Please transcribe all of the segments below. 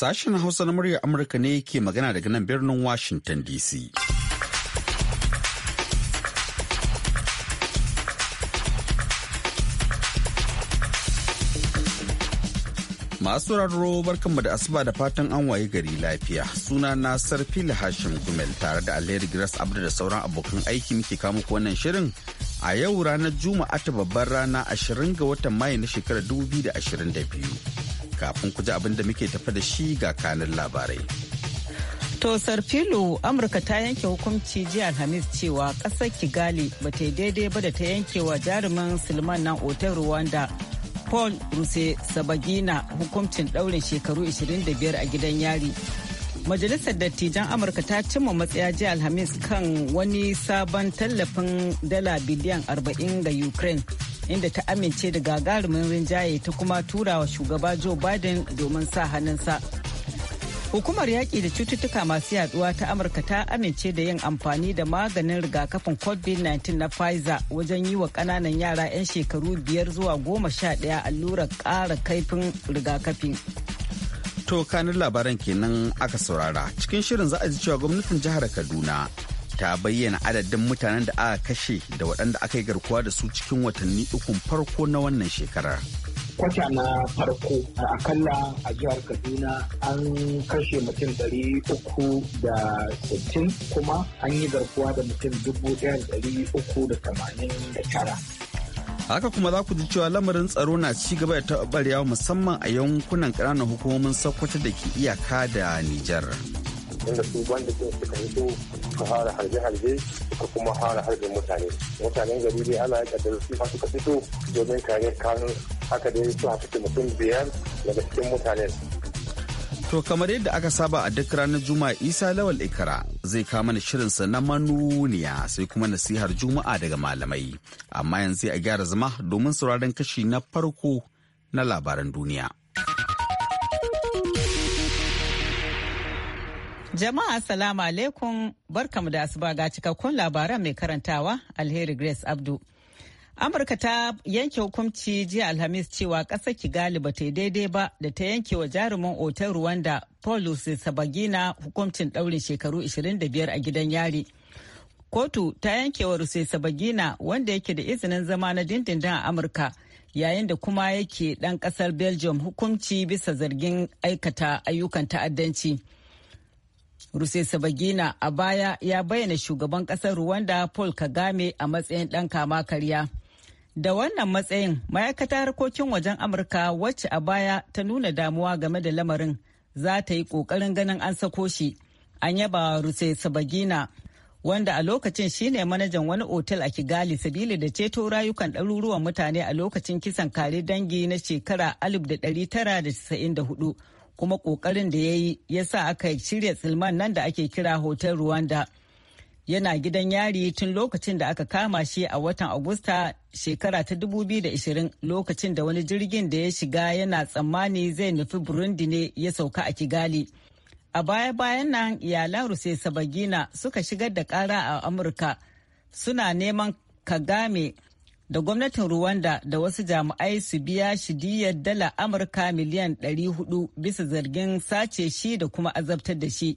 Sashen Hausa na murya Amurka ne ke magana daga nan birnin Washington DC. Masu raro barkanmu da asuba da fatan an waye gari lafiya. Suna na Sarfi Hashim Gumel tare da Alheri Gras Abdu da sauran abokan aiki muke kamo wannan shirin a yau ranar Juma'a ta babbar rana 20 ga watan Mayu na shekarar 2022. kafin ku ji abin da muke tafa da shi ga kanin labarai. To Sarfilu Amurka ta yanke hukunci jiya Alhamis cewa ƙasar Kigali ba ta daidai ba da ta yanke wa jarumin Sulman nan otel Rwanda Paul Ruse Sabagina hukuncin ɗaurin shekaru 25 a gidan yari. Majalisar Dattijan Amurka ta cimma matsaya jiya Alhamis kan wani sabon tallafin dala biliyan 40 ga Ukraine. inda ta amince da gagarumin rinjaye ta kuma tura wa shugaba Joe Biden domin sa hannunsa. Hukumar yaƙi da cututtuka masu yaduwa ta Amurka ta amince da yin amfani da maganin rigakafin COVID-19 na Pfizer wajen yi wa ƙananan yara 'yan shekaru biyar zuwa goma sha ɗaya allurar ƙara kaifin rigakafi. To kanin labaran kenan aka saurara. Cikin shirin za a ji cewa gwamnatin jihar Kaduna ta bayyana adadin mutanen da aka kashe da waɗanda aka yi garkuwa da su cikin watanni ukun farko na wannan shekarar. kwata na farko akalla a jihar kaduna an kashe mutum dari uku da sittin kuma an yi garkuwa da mutum dubu da dari uku da tamanin da tara haka kuma za ku ji cewa lamarin tsaro na ci gaba da taɓarewa musamman a yankunan ƙananan hukumomin sokoto da ke iyaka da nijar. inda su suka hito suka fara harbe-harbe suka kuma fara harbe mutane mutanen gari ala ana da su ma suka fito domin kare kanu haka da su hafi mutum biyar daga cikin mutanen To kamar yadda aka saba a duk ranar Juma'a Isa Lawal Ikara zai kama da shirinsa na manuniya sai kuma nasihar Juma'a daga malamai. Amma yanzu a gyara zama domin sauraron kashi na farko na labaran duniya. Jama'a salamu alaikum barkamu da asuba ga cikakkun labaran mai karantawa Alheri Grace Abdu. Amurka ta yanke hukunci jiya Alhamis cewa ƙasar Kigali ba ta daidai ba da ta yanke wa jarumin otal Rwanda Paulus Sabagina hukuncin ɗaurin shekaru 25 a gidan yari. Kotu ta yanke wa Sabagina wanda yake da izinin zama na dindindin a Amurka yayin da kuma yake ɗan ƙasar Belgium hukunci bisa zargin aikata ayyukan ta'addanci. Rusesabagina a baya ya bayyana shugaban ƙasar Rwanda Paul Kagame a matsayin ɗan kama karya. Da wannan matsayin, ma'aikata harkokin wajen Amurka wacce a baya ta nuna damuwa game da lamarin za ta yi ƙoƙarin ganin an sako shi. An yaba Rusesabagina wanda a lokacin shine manajan wani otel a Kigali sabili da ceto rayukan ɗaruruwan mutane a lokacin kisan kare dangi na shekara 1994. kuma kokarin da ya yi ya sa aka shirya tsilman nan da ake kira hotel Rwanda. Yana gidan yari tun lokacin da aka kama shi a watan Agusta shekara ta 2020 lokacin da wani jirgin da ya shiga yana tsammani zai nufi Burundi ne ya sauka a Kigali. A baya-bayan nan iyalan sabagina suka shigar da kara a Amurka suna neman Kagame da gwamnatin Rwanda da wasu jami'ai su biya shi diyar dala Amurka miliyan 400 bisa zargin sace shi da kuma azabtar da shi.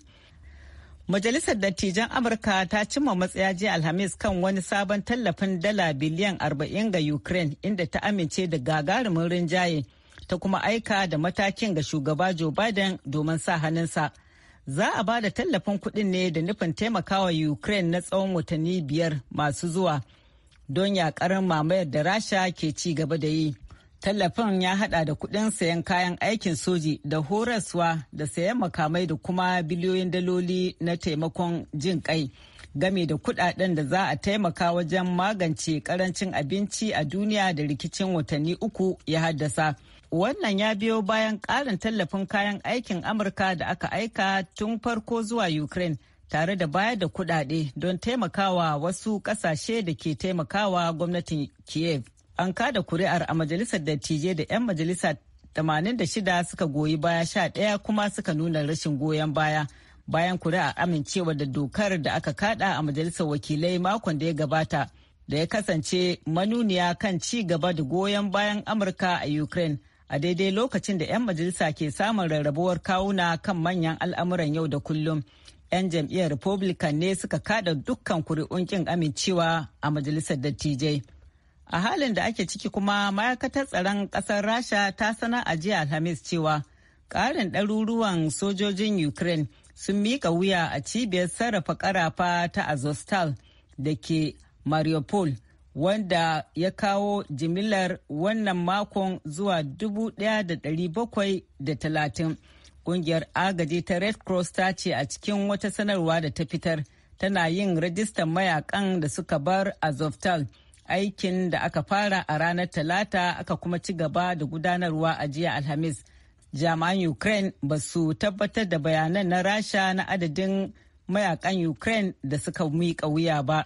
Majalisar Dattijan Amurka ta cimma matsaya jiya Alhamis kan wani sabon tallafin dala biliyan 40 ga Ukraine inda ta amince da gagarumin rinjaye ta kuma aika da matakin ga shugaba Joe Biden domin sa hannunsa. za a ba da tallafin kuɗin ne da nufin taimakawa Ukraine na tsawon watanni biyar masu zuwa don yakar mamayar da rasha ke ci gaba da yi tallafin ya hada da kudin sayan kayan aikin soji da horaswa da sayan makamai da kuma biliyoyin daloli na taimakon jin kai game da kudaden da za a taimaka wajen magance karancin abinci a duniya da rikicin watanni uku ya haddasa wannan ya biyo bayan karin tallafin kayan aikin amurka da aka aika tun farko zuwa ukraine tare da bayar da kuɗaɗe don taimakawa wasu ƙasashe da ke taimakawa gwamnatin kiev an kada kuri'ar a majalisar dattijai da 'yan majalisa 86 suka goyi baya sha 11 kuma suka nuna rashin goyon baya bayan kuri'a amincewa da dokar da aka kada a majalisar wakilai makon da ya gabata da ya kasance manuniya kan ci gaba da goyon bayan amurka a ukraine a daidai lokacin da 'yan majalisa ke samun rarrabuwar kawuna kan manyan al'amuran yau da kullum. 'yan jam'iyyar republican ne suka kada dukkan kuri'un kin amincewa a majalisar dattijai a halin da ake ciki kuma ma'aikatar tsaron ƙasar rasha ta sana a jiya alhamis cewa ƙarin ɗaruruwan sojojin ukraine sun miƙa wuya a cibiyar sarrafa karafa ta azostal da ke mariupol wanda ya kawo jimillar wannan makon zuwa 1,730 Kungiyar agaji ta Red Cross ta ce a cikin wata sanarwa da ta fitar tana yin rajistan mayakan da suka bar azoftal aikin da aka fara a ranar Talata aka kuma ci gaba da gudanarwa a jiya Alhamis. Jami'an Ukraine ba su tabbatar da bayanan na Rasha na adadin mayakan Ukraine da suka miƙa wuya ba.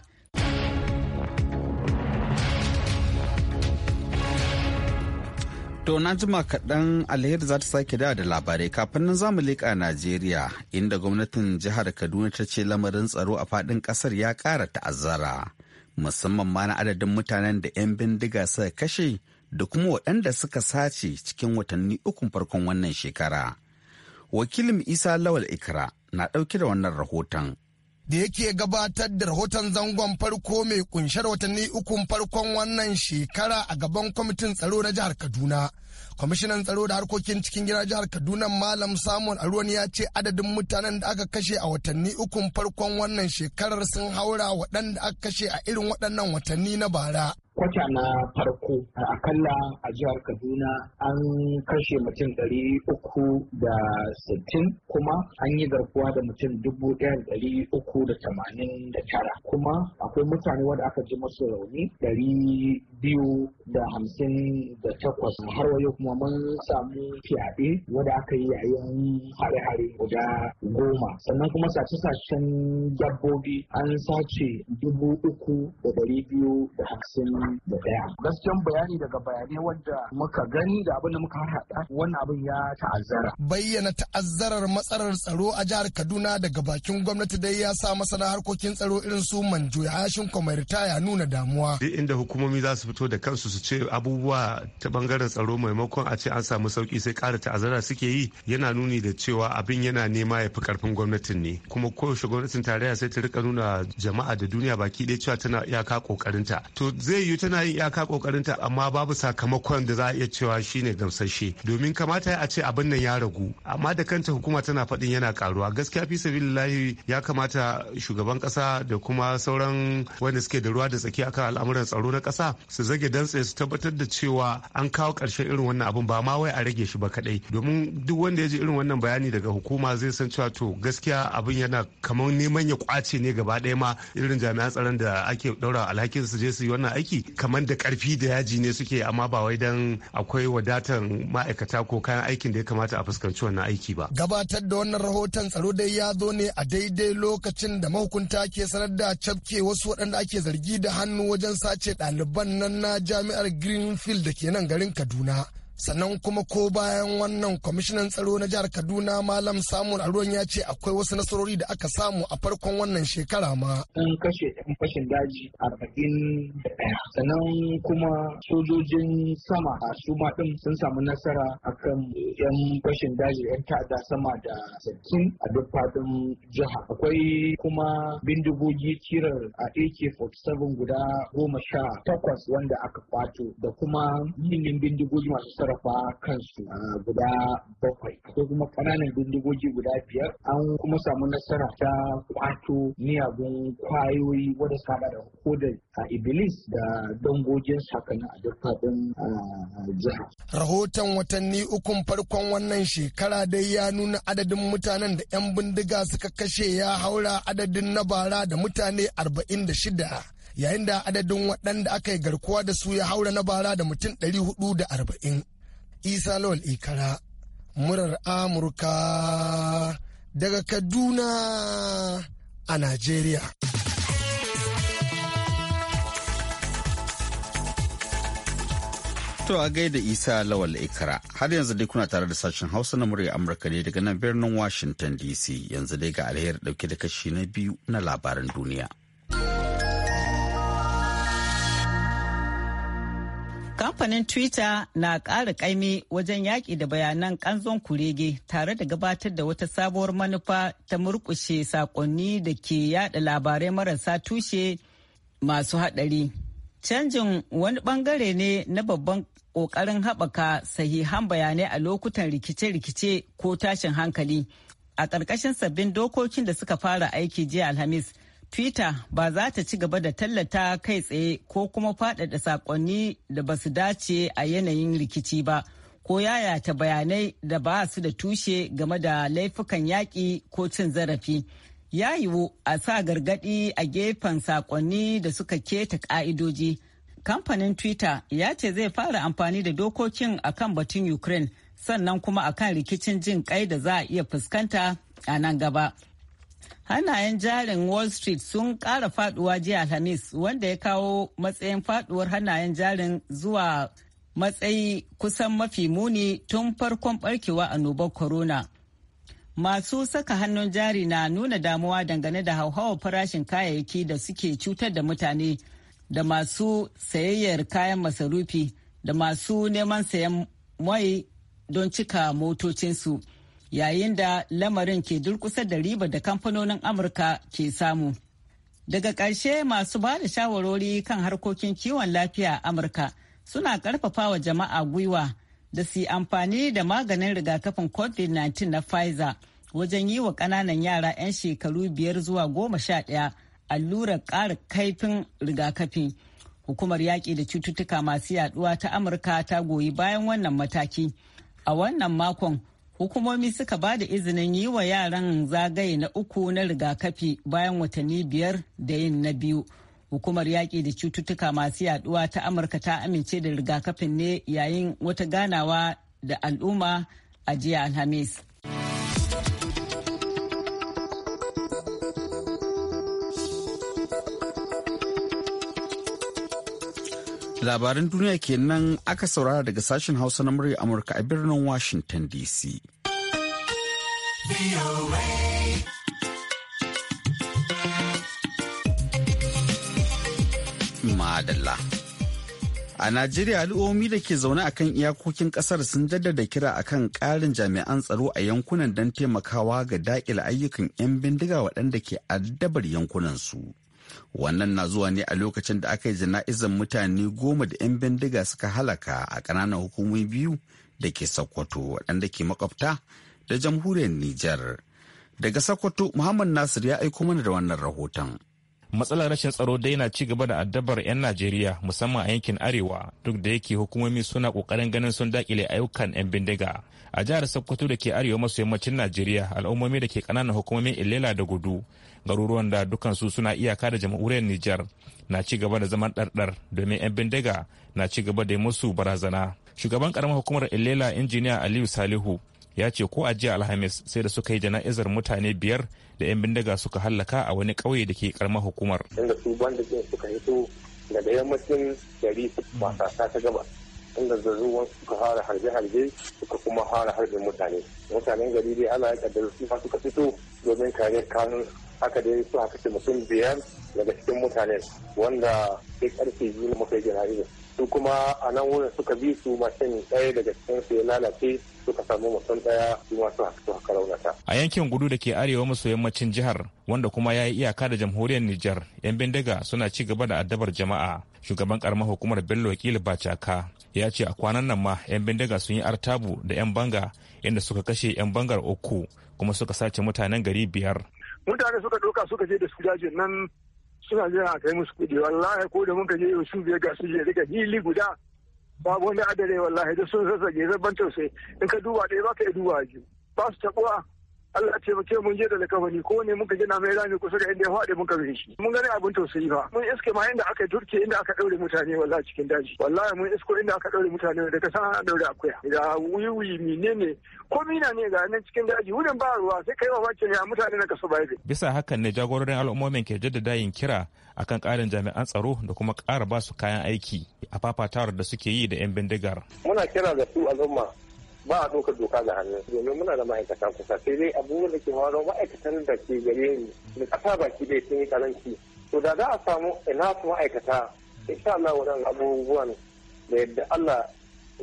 To na jima kaɗan alheri za ta sake da labarai kafin nan zamu leƙa Najeriya inda gwamnatin jihar Kaduna ta ce lamarin tsaro a faɗin ƙasar ya ƙara ta'azzara musamman ma na adadin mutanen da 'yan bindiga suka kashe da kuma waɗanda suka sace cikin watanni ukun farkon wannan shekara. Wakilin Isa Lawal Ikra na ɗauke da wannan rahoton da yake gabatar da rahoton zangon farko mai kunshe da watanni ukun farkon wannan shekara a gaban kwamitin tsaro na jihar kaduna kwamishinan tsaro da harkokin cikin gida jihar kaduna malam samun aruwan ya ce adadin mutanen da aka kashe a watanni ukun farkon wannan shekarar sun haura waɗanda aka kashe a irin waɗannan watanni na bara kwata na farko a akalla a jihar kaduna an kashe mutum ɗari uku da sittin kuma an yi garkuwa da mutum dubu ɗaya da ɗari uku da tamanin da tara kuma akwai mutane wanda aka ji masu rauni ɗari biyu da hamsin da takwas har wayo kuma mun samu fyaɗe wanda aka yi yayin hare-hare guda goma sannan kuma sace-sacen dabbobi an sace dubu uku da ɗari biyu da hamsin da Gaskiyan bayani daga bayanai wadda muka gani da abin da muka haɗa wannan abin ya ta'azzara. Bayyana ta'azzarar matsalar tsaro a jihar Kaduna daga bakin gwamnati dai ya sa masana harkokin tsaro irin su Manjo Yashin Kwamairita ya nuna damuwa. Duk inda hukumomi za su fito da kansu su ce abubuwa ta bangaren tsaro maimakon a ce an samu sauki sai ƙara ta'azzara suke yi yana nuni da cewa abin yana nema ya fi karfin gwamnatin ne kuma koyaushe gwamnatin tarayya sai ta rika nuna jama'a da duniya baki ɗaya cewa tana iyaka ƙoƙarinta to zai yi tana yin iyaka kokarinta amma babu sakamakon da za a iya cewa shine gamsashe domin kamata a ce abin nan ya ragu amma da kanta hukuma tana faɗin yana karuwa gaskiya fi sabilillahi ya kamata shugaban kasa da kuma sauran wanda suke da ruwa da tsaki akan al'amuran tsaro na kasa su zage dantse su tabbatar da cewa an kawo ƙarshen irin wannan abin ba ma wai a rage shi ba kadai domin duk wanda ya ji irin wannan bayani daga hukuma zai san cewa to gaskiya abin yana kamar neman ya kwace ne gaba ɗaya ma irin jami'an tsaron da ake daura alhakin su je su yi wannan aiki kamar da karfi da yaji ne suke amma ba wai dan akwai wadatar ma'aikata ko kayan aikin da ya kamata a fuskanci wannan aiki ba. Gabatar da wannan rahoton tsaro dai ya zo ne a daidai lokacin da mahukunta ke sanar da cafke wasu waɗanda ake zargi da hannu wajen sace ɗaliban nan na jami'ar Greenfield da ke nan garin Kaduna. sannan kuma ko bayan wannan kwamishinan tsaro na jihar kaduna malam samun aruwan ya ce akwai wasu nasarori da aka samu a farkon wannan shekara ma an kashe yan fashin daji arba'in da ɗaya sannan kuma sojojin sama a su ɗin sun samu nasara akan yan fashin daji yan ta'adda sama da sittin a duk fadin jiha akwai kuma bindigogi kirar a ak-47 guda goma sha takwas wanda aka kwato da kuma yin bindigogi masu sarrafa kansu ah, guda bakwai ko kuma kananan bindigogi guda biyar an kuma samu nasara ta kwato miyagun kwayoyi wadda saba da kodar a ah, iblis da dangogin sakanin a duk faɗin ah, rahoton watanni ukun farkon wannan shekara dai ya nuna adadin mutanen da 'yan bindiga suka kashe ya haura adadin na bara da mutane shida yayin da adadin waɗanda aka yi garkuwa da su ya haura na bara da mutum arba'in. isa lawal ikara murar amurka daga kaduna a najeriya To a gaida Isa Lawal Ikara har yanzu dai kuna tare da sashen Hausa na murya Amurka ne daga nan birnin Washington DC yanzu dai ga alheri dauke da kashi na biyu na labaran duniya. Kamfanin Twitter na ƙara ƙaimi wajen yaƙi da bayanan ƙanzon kurege tare da gabatar da wata sabuwar manufa ta murƙushe saƙonni da ke yada labarai marasa tushe masu haɗari. Canjin wani bangare ne na babban ƙoƙarin haɓaka sahihan bayanai a lokutan rikice-rikice ko tashin hankali. A ƙarƙashin sabbin dokokin da suka fara aiki jiya Alhamis. Twitter ba za ta ci gaba da tallata kai tsaye ko kuma faɗaɗa saƙonni da ba su dace a yanayin rikici ba ko yayata bayanai da ba su da tushe game da laifukan yaƙi ko cin zarafi. Ya yiwu a sa gargaɗi a gefen saƙonni da suka keta ƙa'idoji. Kamfanin Twitter ya ce zai fara amfani da dokokin a kan batun Ukraine sannan kuma a kan rikicin jin kai da za a iya fuskanta a nan gaba. Hannayen jarin Wall Street sun ƙara faduwa jiya Alhamis wanda ya kawo matsayin faduwar hannayen jarin zuwa matsayi kusan mafi muni tun farkon barkewa annobar corona. Masu saka hannun jari na nuna damuwa dangane da hauhawar farashin kayayyaki da suke cutar da mutane da masu sayayyar kayan masarufi da masu neman sayan mai don cika motocinsu. yayin da lamarin ke durkusa da riba da kamfanonin amurka ke samu daga ƙarshe masu ba da shawarori kan harkokin kiwon lafiya a amurka suna ƙarfafawa wa jama'a gwiwa da su amfani da maganin rigakafin covid-19 na pfizer wajen yi wa ƙananan yara 'yan shekaru biyar zuwa goma sha ɗaya allurar ƙara kaifin rigakafi hukumar yaƙi da cututtuka masu yaɗuwa ta amurka ta goyi bayan wannan mataki a wannan makon hukumomi suka ba da izinin yi wa yaran zagaye na uku na rigakafi bayan watanni biyar da yin na biyu hukumar yaƙi da cututtuka masu yaduwa ta amurka ta amince da rigakafin ne yayin wata ganawa da al'umma a jiya alhamis labaran duniya kenan aka saurara daga sashen hausa na murya amurka a birnin washington dc madalla A Najeriya al'ummi da ke zaune a kan iyakokin kasar sun jaddada kira a kan ƙarin jami'an tsaro a yankunan don taimakawa ga daƙil ayyukan 'yan bindiga waɗanda ke addabar yankunansu. wannan na zuwa ne a lokacin da aka yi jana'izan mutane goma da 'yan bindiga suka halaka a ƙananan hukumomi biyu da ke sokoto waɗanda ke makwabta da jamhuriyar nijar daga sokoto muhammad nasir ya aiko mana da wannan rahoton matsalar rashin tsaro dai na ci gaba da addabar 'yan najeriya musamman a yankin arewa duk da yake hukumomi suna ƙoƙarin ganin sun dakile ayyukan 'yan bindiga a jihar sokoto da ke arewa maso yammacin najeriya al'ummomi da ke kananan hukumomin illela da gudu garuruwan da dukansu suna iyaka da jamhuriyar nijar na ci gaba da zaman ɗarɗar domin 'yan bindiga na ci gaba da musu barazana shugaban karamar hukumar ilela injiniya aliyu salihu ya ce ko a jiya alhamis sai da suka yi jana'izar mutane biyar da 'yan bindiga suka hallaka a wani ƙauye da ke karamar hukumar inda su suka hito daga yammacin gari masu ta gabas inda zaruwan suka fara harbe-harbe suka kuma fara harbe mutane mutanen gari dai ana yaka da su suka fito domin kare kanun haka dai su haka mutum biyar daga cikin mutanen wanda sai karfe biyu muka yi jana'iza su kuma a nan wurin suka bi su mashin ɗaya daga cikin su ya lalace suka samu mutum ɗaya su masu suka raunata. A yankin gudu da ke arewa maso yammacin jihar wanda kuma ya yi iyaka da jamhuriyar Nijar 'yan bindiga suna ci gaba da addabar jama'a shugaban karamar hukumar Bello Wakili Bacaka ya ce a kwanan nan ma 'yan bindiga sun yi artabu da 'yan banga inda suka kashe 'yan bangar uku kuma suka sace mutanen gari biyar. Mutane suka ɗauka suka je da su dajin nan suna jira a kai musu kuɗi wallahi ko da mun muka je su biyar ga su je daga hili guda babu wani adare wallahi da sun sassage ban tausayi in ka duba ɗaya ba ka yi duba ba su taɓuwa Allah ce muke mun je da likafani ko ne muka gina mai rami kusa da inda ya faɗi muka rufe shi mun gani abin tausayi ba mun iske ma inda aka turke inda aka ɗaure mutane wallahi cikin daji wallahi mun isko inda aka ɗaure mutane da ka san ana akuya da wiwi menene ko mina ne ga nan cikin daji wurin ba ruwa sai kai wa ne a mutane na kaso bai bisa hakan ne jagororin al'ummomin ke jaddada yin kira akan ƙarin jami'an tsaro da kuma ƙara ba su kayan aiki a fafatawar da suke yi da 'yan bindigar. Muna kira ga su al'umma ba a ɗaukar doka ga hannu domin muna da ma'aikata kusa sai dai abubuwan da ke faruwa ma'aikatan da ke gare ni da ƙasa baki ɗaya sun yi karanci to da za a samu ina ma'aikata insha Allah wannan abubuwan da yadda Allah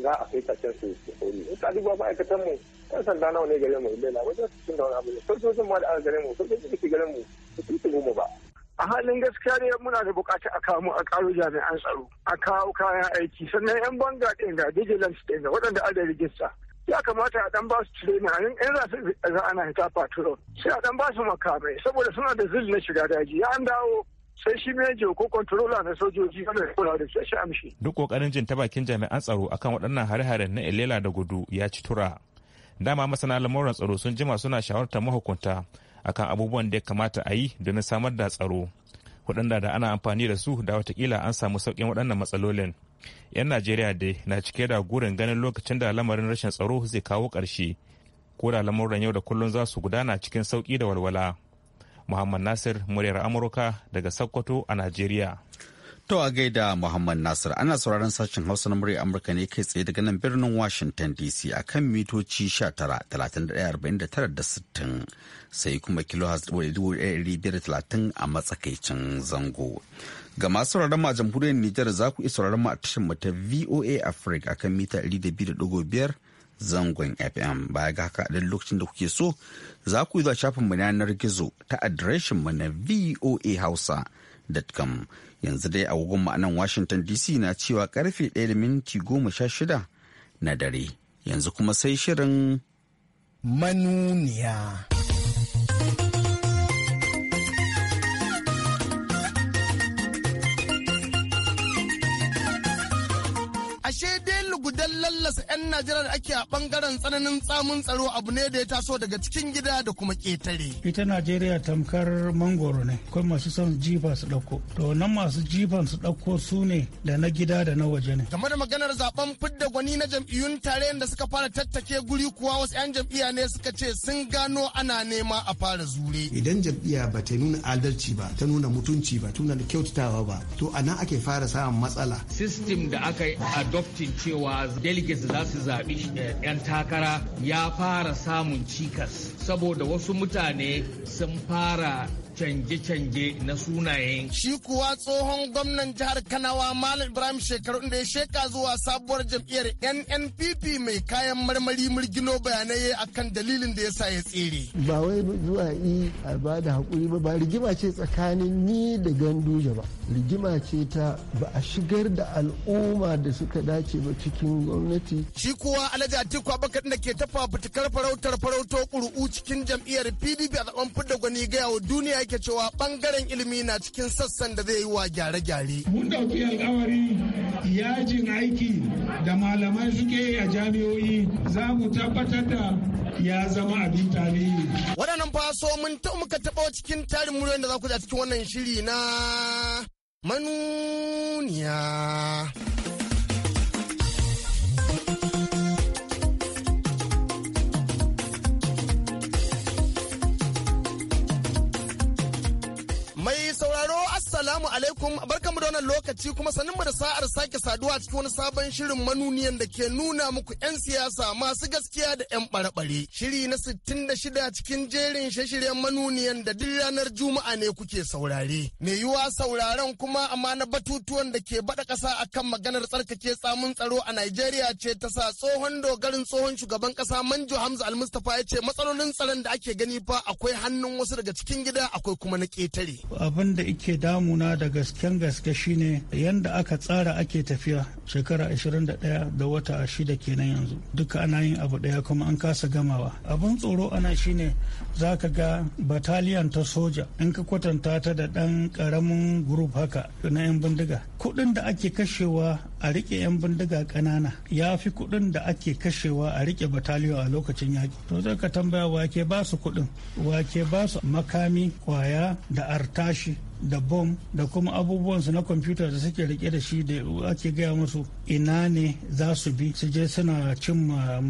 za a kai karshen su su sauri in ka duba ma'aikatan mu ɗan sanda nawa ne gare mu ilela wajen su cin da wani abu ne sojojin ma da aka gare mu sojojin da ke gare mu su tutu mu ba a halin gaskiya ne muna da bukaci a kawo a karo jami'an tsaro a kawo kayan aiki sannan yan banga ɗin da vigilance ɗin da waɗanda ada rijista ya kamata a dan basu tireni hannun yan za su ana hita patrol sai a dan basu makamai saboda suna da zil na shiga daji ya an dawo sai shi mejo ko kontrola na sojoji wanda kula da shi amshi. Duk kokarin jin ta bakin jami'an tsaro akan waɗannan hare-haren na Elela da gudu ya ci tura. Dama masana lamuran tsaro sun jima suna shawartar mahukunta akan abubuwan da ya kamata a yi domin samar da tsaro. Waɗanda da ana amfani da su da watakila an samu sauƙin waɗannan matsalolin. 'Yan Najeriya dai na cike da gurin ganin lokacin da lamarin rashin tsaro zai kawo karshe ko da lamuran yau da kullum za su gudana cikin sauki da walwala. Muhammad Nasir, muryar Amurka daga Sokoto a Najeriya. To a gaida Muhammad Nasir ana sauraron sashen Hausa na murya Amurka ne kai tsaye daga nan birnin Washington DC a kan mitoci 19,39,49,60 sai kuma kilo 1,530 a matsakaicin zango. Ga masu sauraron ma jamhuriyar Nijar za ku iya sauraron mu a tashar mu ta VOA Africa akan mita 200.5 zangon FM. Baya ga haka a lokacin da kuke so za ku zuwa shafin mu yanar gizo ta adireshin mu na voahausa.com. Yanzu dai a mu a nan Washington DC na cewa karfe 1 da minti 16 na dare. Yanzu kuma sai shirin manuniya. ashe gudan lallasa 'yan Najeriya da ake a bangaren tsananin tsamin tsaro abu ne da ya taso daga cikin gida da kuma ketare. Ita Najeriya tamkar mangoro ne, akwai masu son jifa su ɗauko. To nan masu jifan su ɗauko su ne da na gida da na waje ne. Game da maganar zaben fidda gwani na jam'iyyun tare da suka fara tattake guri kuwa wasu 'yan jam'iyya ne suka ce sun gano ana nema a fara zure. Idan jam'iyya ba ta nuna adalci ba, ta nuna mutunci ba, tuna da kyautatawa ba, to a nan ake fara samun matsala. System da aka yi adopting cewa cewa delegates za su zaɓi 'yan takara ya fara samun cikas saboda wasu mutane sun fara canje-canje na sunayen. Shi kuwa tsohon gwamnan jihar Kanawa Malam Ibrahim shekaru da ya sheka zuwa sabuwar jam'iyyar NNPP mai kayan marmari murgino bayanai akan dalilin da ya sa ya tsere. Ba wai zuwa yi a ba da haƙuri ba, ba rigima ce tsakanin ni da ganduja ba. Rigima ce ta ba a shigar da al'umma da suka dace ba cikin gwamnati. Shi kuwa Alhaji Atiku Abubakar da ke tafa fitikar farautar farauto ƙuri'u cikin jam'iyyar PDP a zaɓen fidda gwani gaya wa duniya yake cewa bangaren ilimi na cikin sassan da zai yi wa gyare-gyare. Mun ɗauki alkawari yajin aiki da malamai suke a jami'o'i za mu tabbatar da ya zama abin tarihi. Waɗannan faso mun ta muka taɓa cikin tarin muryar da za ku cikin wannan shiri na manuniya. alaikum barkamu da wannan lokaci kuma sanin mu da sa'ar sake saduwa cikin wani sabon shirin manuniyan da ke nuna muku 'yan siyasa masu gaskiya da 'yan barabare Shiri na 66 cikin jerin shashiryan manuniyan da duk ranar Juma'a ne kuke saurare. Me yiwa sauraron kuma amma na batutuwan da ke baɗa kasa akan maganar tsarkake tsamun tsaro a Najeriya ce ta sa tsohon dogarin tsohon shugaban ƙasa Manjo Hamza Almustafa ya ce matsalolin tsaron da ake gani fa akwai hannun wasu daga cikin gida akwai kuma na ƙetare. Abin da ike damuna da da gasken gaske shine yadda aka tsara ake tafiya shekara 21 da wata shida kenan yanzu duka ana yin abu daya kuma an kasa gamawa abin tsoro ana shine za ka ga bataliyan ta soja in ka kwatanta ta da dan karamin grup haka na 'yan bindiga kudin da ake kashewa a rike 'yan bindiga ƙanana ya fi kuɗin da ake kashewa a rike bataliyo a lokacin yaƙi to zai ka tambaya wake ba su kuɗin wake ba su makami kwaya da artashi da bom da kuma abubuwansu na kwamfuta da suke rike da shi da ake gaya musu ina ne za su bi su je suna cin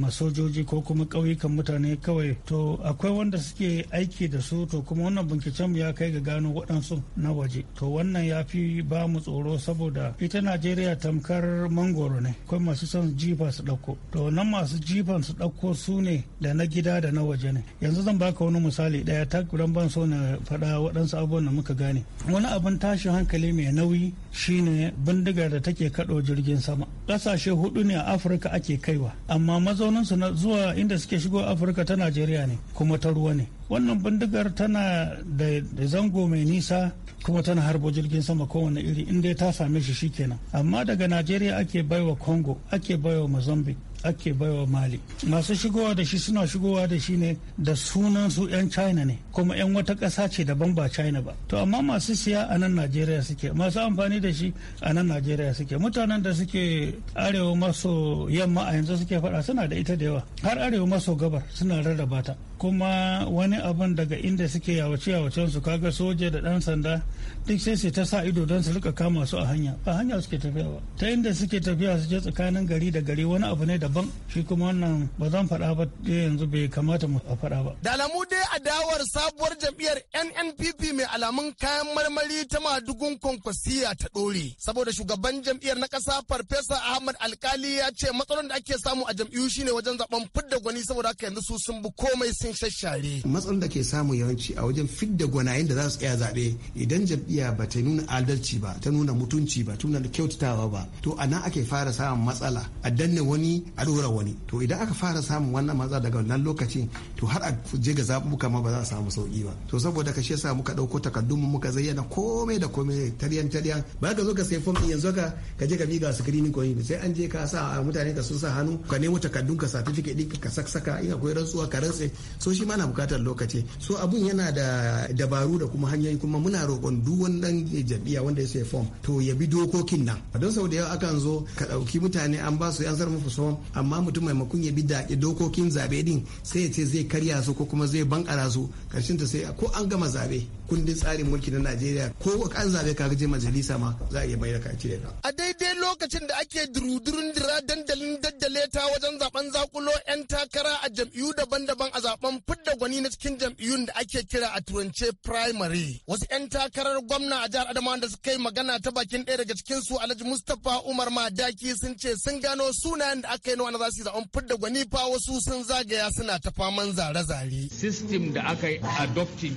masojoji ko kuma ƙauyukan mutane kawai to akwai wanda suke aiki da su to kuma wannan binciken ya kai ga gano waɗansu na waje to wannan ya fi ba mu tsoro saboda ita najeriya tamkar kamar mangoro ne kai masu son jifa su ɗauko to nan masu jifan su ɗauko su ne da na gida da na waje ne yanzu zan baka wani misali ɗaya ta kudan ban so na faɗa waɗansu abubuwan da muka gane wani abin tashin hankali mai nauyi shine bindigar da take kaɗo jirgin sama ƙasashe hudu ne a afirka ake kaiwa amma mazauninsu na zuwa inda suke shigo afirka ta najeriya ne kuma ta ruwa ne wannan bindigar tana da zango mai nisa kuma tana harbo jirgin sama kowane iri inda ta same shi shi kenan amma daga najeriya ake baiwa congo ake baiwa mozambique ake baiwa mali masu shigowa da shi suna shigowa da shi ne da sunan su 'yan china ne kuma 'yan wata ƙasa ce daban ba china ba to amma masu siya a nan najeriya suke masu amfani da shi a nan najeriya suke mutanen da suke arewa maso yamma a yanzu suke faɗa suna da ita da yawa har arewa maso gabar suna rarraba ta kuma wani abin daga inda suke yawace yawacen su kaga soja da ɗan sanda duk sai su ta sa ido don su rika kama su a hanya ba hanya suke tafiya ba ta inda suke tafiya su je tsakanin gari da gari wani abu ne da daban shi kuma wannan ba zan faɗa ba yanzu bai kamata mu faɗa ba. Da alamu dai a dawar sabuwar jam'iyyar NNPP mai alamun kayan marmari ta madugun kwankwasiya ta ɗore. Saboda shugaban jam'iyyar na kasa Farfesa Ahmad Alkali ya ce matsalolin da ake samu a jam'iyyu shine wajen zaben fidda gwani saboda haka yanzu su sun bi komai sun shashare. Matsalolin da ke samu yawanci a wajen fidda gwanayen da za su tsaya zaɓe idan jam'iyya ba ta nuna adalci ba ta nuna mutunci ba ta nuna kyautatawa ba to a nan ake fara samun matsala a danne wani a a ɗora wani to idan aka fara samun wannan matsa daga wannan lokaci to har a je ga zaɓuɓɓuka ma ba za a samu sauƙi ba to saboda ka shi yasa muka ɗauko takardun mu muka zayyana komai da komai taryan taryan ba ka zo ka sai fom ɗin yanzu ka ka je ka miƙa ko yin sai an je ka sa mutane ka sun sa hannu ka nemo takardun ka certificate ɗin ka saksaka in akwai rantsuwa ka rantse so shi ma na buƙatar lokaci so abun yana da dabaru da kuma hanyoyi kuma muna roƙon duk wannan jam'iyya wanda ya sai fom to ya bi dokokin nan don sau da yawa akan zo ka ɗauki mutane an ba su yan musu fom amma mutum maimakon ya bi da dokokin zabe din sai ya ce zai karya su ko kuma zai bankara su karshen ta sai ko an gama zabe kundin tsarin mulki na Najeriya ko kan zabe ka je majalisa ma za a iya mai ka cire ka. A daidai lokacin da ake durudurun dira dandalin daddale ta wajen zaben zakulo 'yan takara a jam'iyyu daban-daban a zaben fidda gwani na cikin jam'iyyun da ake kira a turance primary. Wasu 'yan takarar gwamna a jihar Adamawa da suka yi magana ta bakin ɗaya daga cikin su Alhaji Mustapha Umar Madaki sun ce sun gano sunayen da aka yi na za su yi zaben fidda gwani fa wasu sun zagaya suna ta faman zare-zare. System da aka yi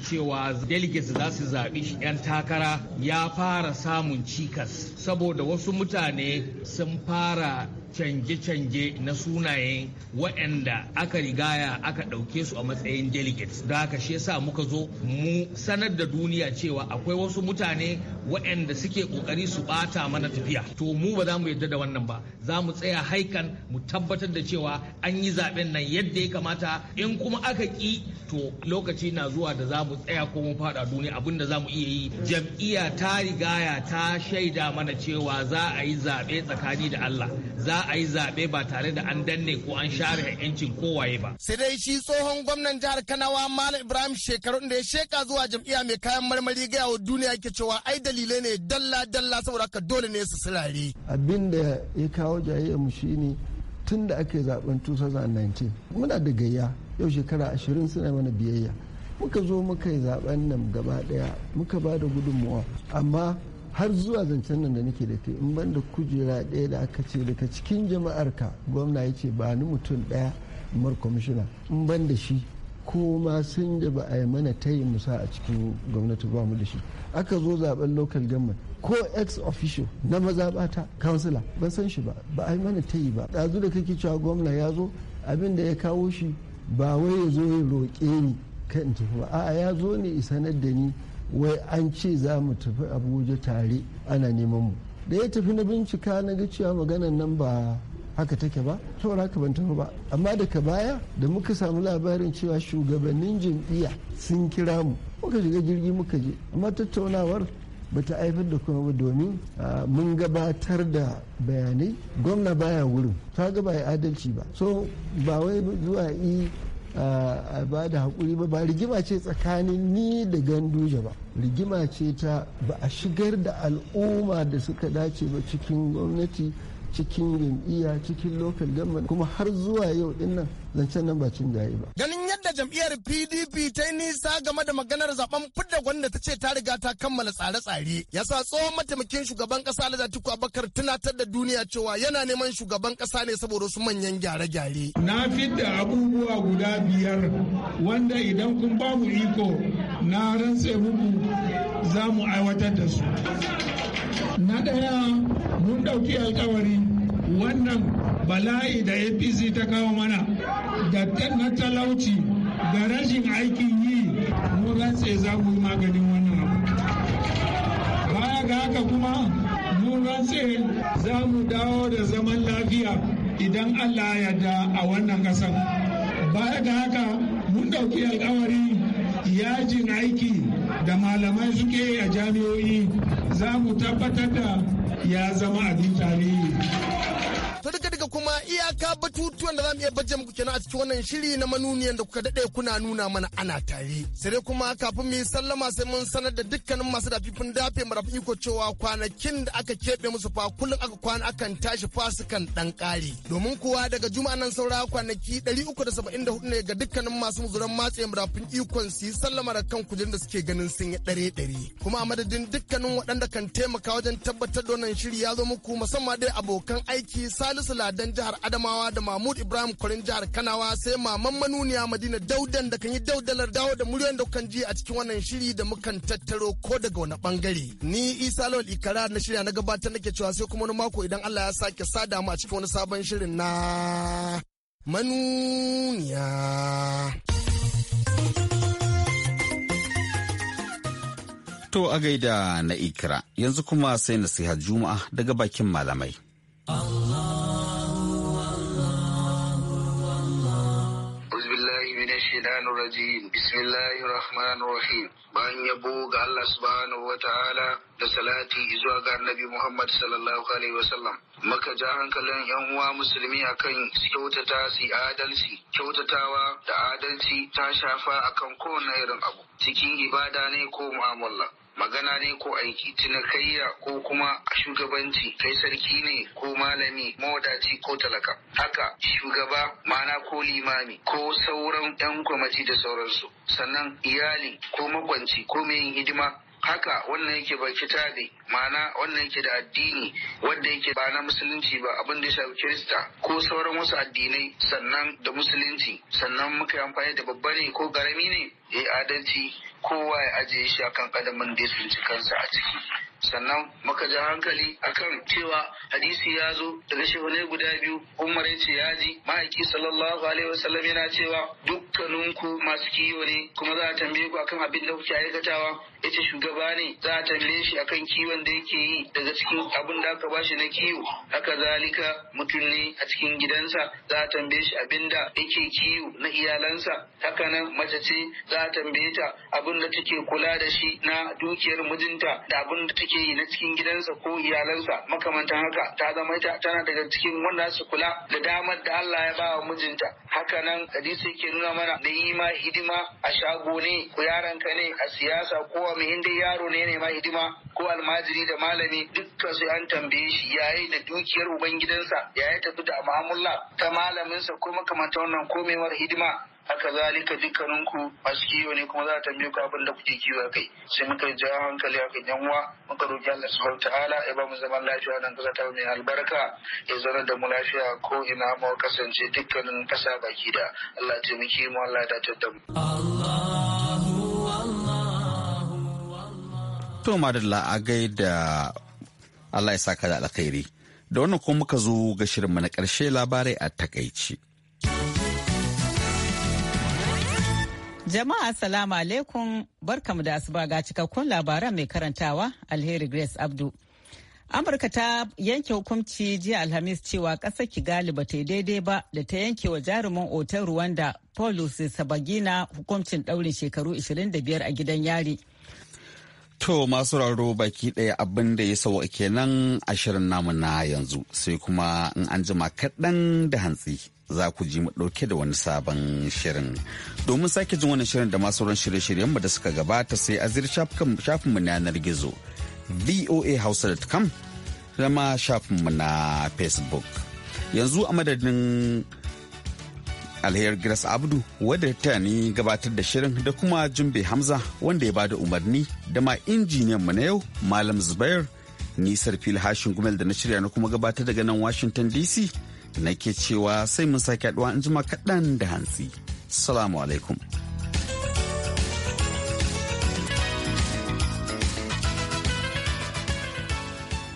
cewa delegate delegates za su zaɓi 'yan takara ya fara samun cikas saboda wasu mutane sun fara canje-canje na sunayen waɗanda aka rigaya aka ɗauke su a matsayin delegates da haka shi yasa muka zo mu sanar da duniya cewa akwai wasu mutane waɗanda suke ƙoƙari su ɓata mana tafiya to mu ba za mu yarda da wannan ba za mu tsaya haikan mu tabbatar da cewa an yi zaɓen nan yadda ya kamata in kuma aka ki to lokaci na zuwa da za mu tsaya ko mu faɗa duniya abin da za mu iya yi jam'iyya ta rigaya ta shaida mana cewa za a yi zaɓe tsakani da Allah za za a yi zaɓe ba tare da an danne ko an share yancin kowaye ba. Sai dai shi tsohon gwamnan jihar Kanawa Malam Ibrahim shekarun da ya sheka zuwa jam'iyya mai kayan marmari gaya wa duniya ke cewa ai dalilai ne dalla dalla saboda haka dole ne su sirare. Abin da ya kawo jayayyar mu shine tun da aka yi zaben 2019 muna da gayya yau shekara 20 suna mana biyayya. Muka zo muka yi zaben nan gaba daya muka ba da gudunmuwa amma har zuwa zancen nan da nake da kai in ban da kujera ɗaya da aka ce daga cikin jama'arka gwamna ya ce ba ni mutum ɗaya mar kwamishina in ban da shi ko ma sun da ba a yi mana tayi musa a cikin gwamnati ba mu da shi aka zo zaben local government ko ex official na maza bata kansila ban san shi ba ba a yi mana tayi ba ɗazu da kake cewa gwamna ya zo abin da ya kawo shi ba wai ya zo ya roƙe ni kan tafi ba a'a ya zo ne sanar da ni wai an ce za mu tafi abuja tare ana neman mu da ya tafi na bincika na ga cewa maganan nan ba haka take ba saboda haka ban tafi ba amma daga baya da muka samu labarin cewa shugabannin jam'iyya sun kira mu muka shiga jirgi muka je amma tattaunawar ba ta haifar da kuma ba domin mun gabatar da bayanai gwamna baya wurin ta gaba yi adalci ba so ba wai zuwa yi a ba da haƙuri ba ba rigima ce tsakanin ni da ganduje ba rigima ce ta ba a shigar da al'umma da suka dace ba cikin gwamnati cikin jam'iyya cikin local government kuma har zuwa yau din nan zancen nan ba cin jaye ba. Ganin yadda jam'iyyar PDP ta yi nisa game da maganar zaben fidda gwanda ta ce ta riga ta kammala tsare-tsare ya sa tsohon mataimakin shugaban kasa Alhaji Atiku Abubakar tunatar da duniya cewa yana neman shugaban kasa ne saboda wasu manyan gyare-gyare. Na fidda abubuwa guda biyar wanda idan kun ba mu iko na rantse muku za mu aiwatar da su. na ɗaya mun ɗauki alkawari wannan bala'i da apc ta kawo mana da na talauci ga rashin aikin yi mun rantse za mu yi maganin wannan abu baya ga haka kuma mun rantse za mu dawo da zaman lafiya idan allah ya da a wannan ƙasar baya ga haka mun ɗauki alkawari yajin aiki da malamai suke a jami'o'i za mu tabbatar da ya zama abin tarihi To duka duka kuma iyaka batutuwan da za mu iya baje muku kenan a cikin wannan shiri na manuniyan da kuka daɗe kuna nuna mana ana tare. Sai dai kuma kafin mu yi sallama sai mun sanar da dukkanin masu dafifin dafe marafin iko cewa kwanakin da aka keɓe musu fa kullum aka kwana akan tashi fasukan sukan ɗan ƙari. Domin kuwa daga juma'a nan saura kwanaki 374 ne ga dukkanin masu muzuran matse marafin ikon su yi sallama da kan kujerun da suke ganin sun yi ɗare ɗare. Kuma a madadin dukkanin waɗanda kan taimaka wajen tabbatar da wannan shiri ya zo muku musamman dai abokan aiki sali Salisu Ladan jihar Adamawa da Mahmud Ibrahim Kwarin jihar Kanawa sai maman manuniya Madina Daudan da kan yi daudalar dawo da muryoyin da kan ji a cikin wannan shiri da mukan tattaro ko daga wani bangare. Ni Isa Lawal Ikara na shirya na gabatar nake cewa sai kuma wani mako idan Allah ya sake sada mu a cikin wani sabon shirin na manuniya. To a gaida na ikira yanzu kuma sai na nasiha juma'a daga bakin malamai. shaitanir rajim bismillahir rahmanir rahim bayan yabo ga Allah subhanahu wataala da salati zuwa ga annabi Muhammad sallallahu alaihi wasallam maka ja hankalin yan uwa musulmi akan kyautata su adalci kyautatawa da adalci ta shafa akan kowane irin abu cikin ibada ne ko mu'amala magana ne ko aiki cinikayya ko kuma shugabanci kai sarki ne ko malami mawadaci ko talaka haka shugaba mana ko limami ko sauran 'yan kwamati da sauransu sannan iyali ko makwanci ko mai yin hidima haka wannan yake ba kitabe ma'ana wannan yake da addini wanda yake ba na musulunci ba abin da ya shafi kirista ko sauran wasu addinai sannan da musulunci sannan muka yi amfani da babba ko garami ne ya adalci kowa ya ajiye shi akan adamin da ya tsinci kansa a ciki sannan muka ji hankali akan cewa hadisi ya zo daga shehunai guda biyu umar yace ce ya ji ma'aiki sallallahu alaihi wasallam yana cewa dukkaninku masu kiwo ne kuma za a tambaye ku akan abin da kuke aikatawa yace shugaba ne za a tambaye shi akan kiwon da yake yi daga cikin abin da aka bashi na kiwo haka zalika mutum ne a cikin gidansa za a tambaye shi abin da yake kiwo na iyalansa haka nan mace ce za a tambaye ta abin da take kula da shi na dukiyar mijinta da abin da suke yi na cikin gidansa ko iyalansa makamantan haka ta zama ita tana daga cikin wanda su kula da damar da Allah ya bawa mijinta haka nan hadisi yake nuna mana da yi ma hidima a shago ne ko yaranka ne a siyasa ko a mai inda yaro ne ne ma hidima ko almajiri da malami dukkan su an tambaye shi yayi da dukiyar ubangidansa yayi tafi da mu'amala ta malaminsa ko makamantan wannan komewar hidima haka zalika dukkaninku masu kiwo ne kuma za a tambaye ku abin da kuke kiwo kai sai muka ja hankali akan kan muka roki Allah subhanahu ta'ala ya ba mu zaman lafiya nan kasa ta mai albarka ya zana da mu lafiya ko ina mu kasance dukkanin kasa baki da Allah ya muke mu Allah ya dace da mu To madalla a gaida Allah ya saka da alkhairi. Da wannan kuma muka zo ga shirinmu na karshe labarai a takaici. Jama'a salamu alaikum barkamu da asuba ga cikakkun labaran mai karantawa alheri Grace Abdu. Amurka ta yanke hukunci jiya Alhamis cewa ƙasar Kigali ba ta daidai ba da ta yanke wa jarumin otal Rwanda Paulus Sabagina hukuncin ɗaurin shekaru 25 a gidan yari. To masu raro baki ɗaya abin da ya sauwa kenan ashirin namu na yanzu sai kuma in an jima kaɗan da hantsi za ku ji mu ɗauke da wani sabon shirin. Domin sake jin wani shirin da masu ran shirye shiryen mu da suka gabata sai azir mu na yanar gizo voahausa.com da ma mu na Facebook. Yanzu a madadin alheri Grace Abdu wadda ta ni gabatar da shirin da kuma Jumbe Hamza wanda ya bada umarni da ma injiniyan mu na yau Malam Zubair nisar fil hashin gumel da na shirya na kuma gabatar daga nan Washington DC nake cewa sai mun sake haduwa in jima kaɗan da hantsi. Salamu alaikum.